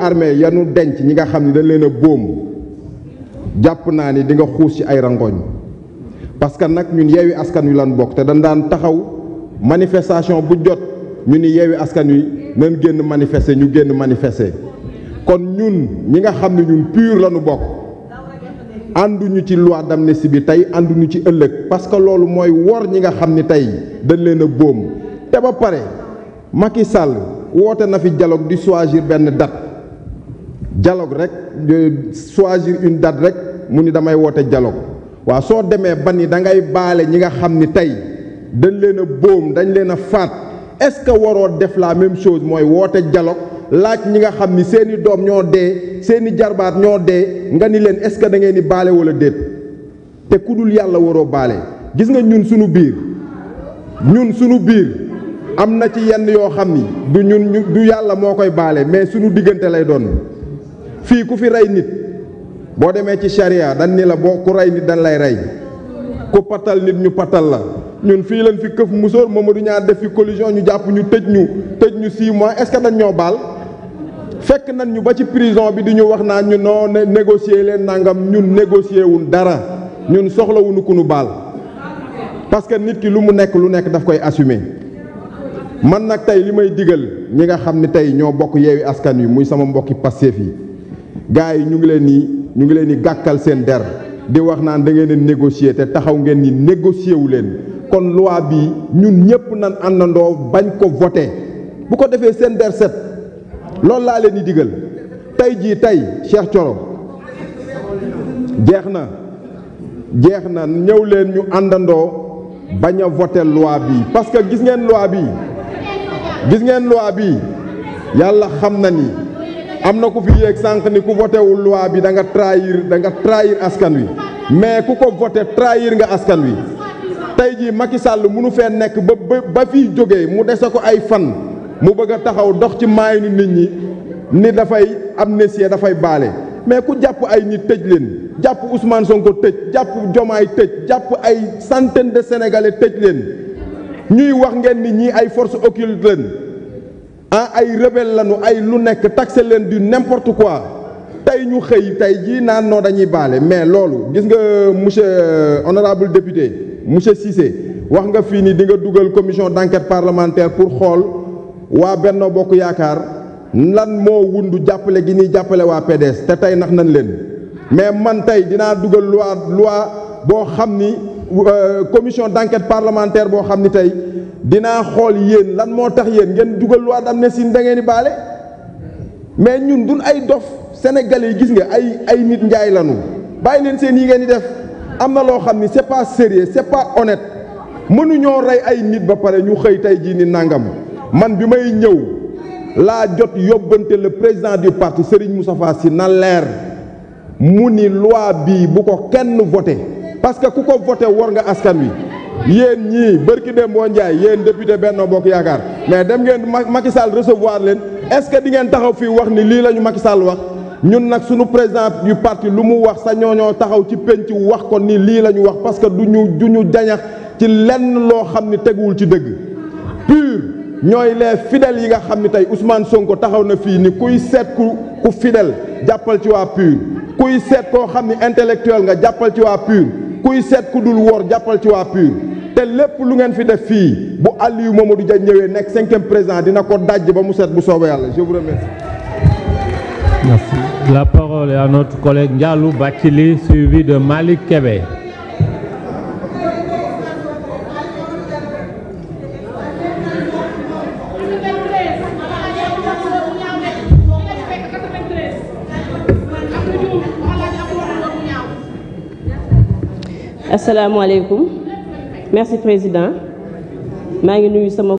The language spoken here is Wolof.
armée yanu denc ñi nga xam ne dañ leen a boom jàpp naa ni dinga nga xuus ci ay rangoñ parce que nag ñun yeewi askan wi lan bokk te dañ daan taxaw manifestation bu jot ñu ni yeewi askan wi nañ génn manifester ñu génn manifester kon ñun ñi nga xam ne ñun pur lañu bokk ànduñu ci loi d'amnistie bi tey ànduñu ci ëllëg parce que loolu mooy wor ñi nga xam ni tey dañ leen a boom te ba pare Macky Sall woote na fi jaloog di choisir benn date jaloog rek choisir une date rek mu ni damay woote dialogue waaw soo demee ba ni da ngay baale ñi nga xam ni tey dañ leen a boom dañ leen a faat est-ce que waroo def laa même chose mooy woote dialogue laaj ñi nga xam ni seeni doom ñoo dee seeni jarbaat ñoo dee nga ni leen est-ce que da ngeen di baale wala déet te ku dul yàlla waroo baale gis nga ñun suñu biir ñun sunu biir am na ci yenn yoo xam ni du ñun du yàlla moo koy baale mais suñu diggante lay doon. fii ku fi rey nit boo demee ci charia dañ ni la boo ku rey nit dañ lay rey ku patal nit ñu patal la ñun fii lañ fi këf musóor Mamadou ñaar def fi collision ñu jàpp ñu tëj ñu tëj ñu mois est-ce que dañ ñoo baal fekk nañ ñu ba ci prison bi di ñu wax naa ñu non négocier leen nangam ñun négocier wuñ dara ñun soxlawuñu ku nu baal parce que nit ki lu mu nekk lu nekk daf koy assumer man nag tey li may digal ñi nga xam ne tey ñoo bokk yeewi askan wi muy sama mbokki Pastef yi gars yi ñu ngi leen ni ñu ngi leen di gàkkal seen der di wax naan da ngeen a négocier te taxaw ngeen ni négocier wu leen kon loi bi ñun ñëpp nan àndandoo bañ ko voté bu ko defee seen der set loolu laa leen di digal tey jii tey Cheikh coro jeex na jeex na ñëw leen ñu àndandoo bañ a voté loi bi parce que gis ngeen loi bi gis ngeen loi bi yàlla xam na ni. am na ku fi yéeg sànq ni ku voté wul loi bi da nga trahir da nga trahir askan wi mais ku ko voté trahir nga askan wi tey jii Macky Sall munu fee nekk ba ba ba fiy jógee mu dese ko ay fan mu bëgg a taxaw dox ci maayinu nit ñi ni dafay am amnistie dafay baale mais ku jàpp ay ni tëj leen jàpp Ousmane Sonko tëj jàpp Jomaay tëj jàpp ay centaine de sénégalais tëj leen ñuy wax ngeen nit ñii ay force occulte leen. ah ay rebelle lañu ay lu nekk taxé leen du n'importe quoi tey ñu xëy tey jii naan noo dañuy baale mais loolu gis nga monsieur euh, honorable député monsieur Cissé wax nga fii ni di nga dugal commission d'enquête parlementaire pour xool waa benn Bokk Yaakaar lan moo wundu jàppale gi ñuy jàppale waa PDS te tey nax nañ leen mais man tey dinaa dugal loi loi boo xam ni Euh, commission d'enquête parlementaire boo xam ni tey dinaa xool yéen lan moo tax yéen ngeen dugal am d'amnistie da dangeen di baale mais ñun duñ ay dof sénégalais gis nga ay ay nit njaay lanu bàyyi leen seen yi ngeen di def am na loo xam ni c'est pas sérieux c'est pas honnête mënuñoo rey ay nit ba pare ñu xëy tey jii ni nangam man bi may ñëw laa jot yóbbante le président du parti Serigne Moustapha si na leer mu ni loi bii bu ko kenn voté parce que ku ko voté war nga askan wi yéen ñii bërki dem boo njaay yéen député Benno Bokk Yaakaar mais dem ngeen Macky Sall recevoir leen est-ce que di ngeen taxaw fii wax ni lii la ñu Macky Sall wax ñun nag suñu président yu parti lu mu wax sa ñooñoo taxaw ci penc wax ko ni lii la ñu wax parce que du ñu du ñu jañax ci lenn loo xam ni teguwul ci dëgg pur ñooy lee fidèles yi nga xam ni tey Ousmane Sonko taxaw na fii ni kuy seet ku ku fidèle jàppal ci waa pur kuy seet koo xam ni intellectuel nga jàppal ci waa kuy seet ku dul woor jàppal ci waa PUR te lépp lu ngeen fi def fii bu Aliou Mamadou Dia ñëwee nekk cinquième président dina ko dajj ba mu seet bu soobee yàlla je vous remercie. Merci. La parole est à notre collègue Ndialou Bakili suivi de Malik Kébé. asalaamaaleykum merci président maa ngi nuyu sama